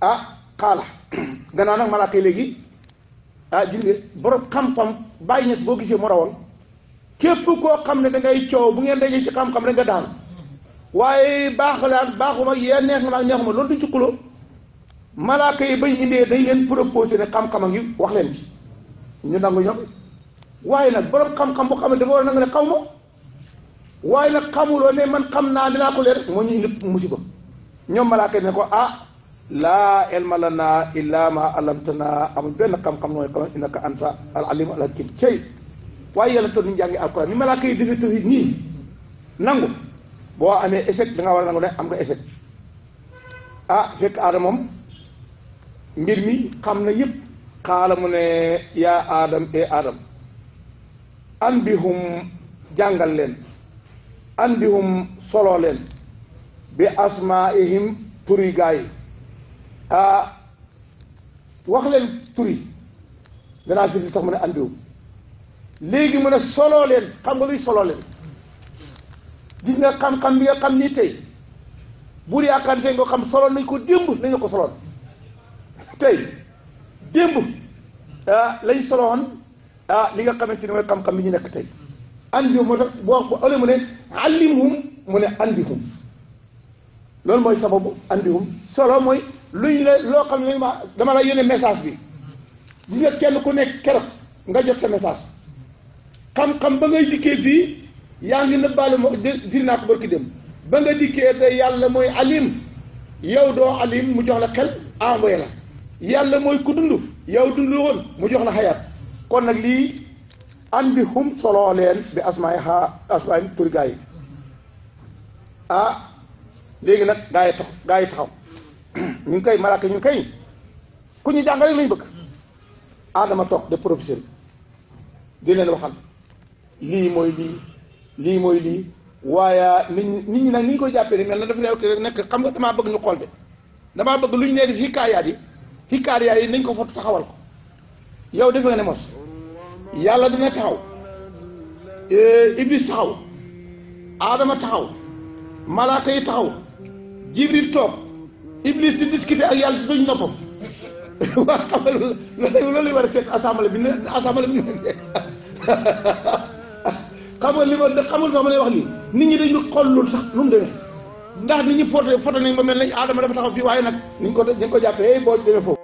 ah, xaala gannaaw nag malaaka yi léegi ah gis nga borom xam-xam bàyyi ñes boo gisee mu rawoon képp koo xam ne dangay ngay coow bu ngeen dajee ci xam-xam rek nga daanu waaye baax la ak baaxuma yaa neex ma ak neexuma loolu duñ ci xuloo malaaka yi bañ indee dañ leen proposé ne xam-xam ak yu wax leen ñu nangu ñoom waaye nag borom xam-xam bu xam ne dafa war a nangu ne xaw ma waaye nag xamuloo ne man xam naa dinaa ko leer moo ñu indi musiba ñoom malaaka yi ko ah laa ilma lana illa ma alamtana amul benn xam-xam nooy xam innaka anta al alim al hakim cey waaye yàlla toog ñu jàngi alquran ni malaaka yi defee tawhid nii nangu boo amee échec da war a nangu ne am nga échec ah fekk aadama moom mbir mi xam na yëpp xaala ne yaa aadam e aadam an bihum jàngal leen an bihum soloo leen bi asmaihim turi Ah, wax leen turi danaa gis li tax mën a andiwu léegi mën a soloo leen xam nga luy soloo leen gis nga xam-xam bi nga xam ni tey bul yaakaar ne nga xam soloon nañ ko démb nañu ko soloon tey démb ah, lañ soloon ah, li nga xamante ni mooy xam-xam bi ñu nekk tey andihum moo tax boo wax bu ëllëg mu ne allimhum loolu mooy sababu andihum solo mooy luñ la loo xam ne ma dama la yónnee message bi di nga kenn ku nekk keroog nga jot sa message xam-xam ba ngay dikkee fii yaa ngi nëbbaale ma diri naa ko barki dem ba nga dikkee te yàlla mooy alim yow doo alim mu jox la xel envoyé la yàlla mooy ku dund yow dund woon mu jox la xayaat kon nag lii an bi hum soloo leen bi asmaay ha asmaay turi gaa yi ah léegi nag gaa yi tax gaa yi taxaw ñu ngi koy malaaka ñu ngi koy ku ñu jàngale lañu bëgg aadama toog de professeur di leen waxal lii mooy lii lii mooy lii waaye nit ñi nit ñi ni ñu koy jàppee ni mel na dafa nekk rek nekk xam nga damaa bëgg ñu xool de damaa bëgg lu ñu nee def xikaayaat yi xikaayaat yi nañ ko fa taxawal ko yow defe nga ne mos yàlla dina taxaw e, iblis taxaw aadama taxaw malaaka yi taxaw jibril toog Iblis di discuter ak yàlla si suñ noppam waa xam nga loolu loolu war a seet assemblée bi ne assemblée bi ne xam nga li ma de xamul sax ma lay wax nii nit ñi dañu xollul sax nu mu demee ndax nit ñi foto foto nañ ba mel ne Adama dafa taxaw fii waaye nag ni ñu ko ni ñu ko jàppee boo demee foofu.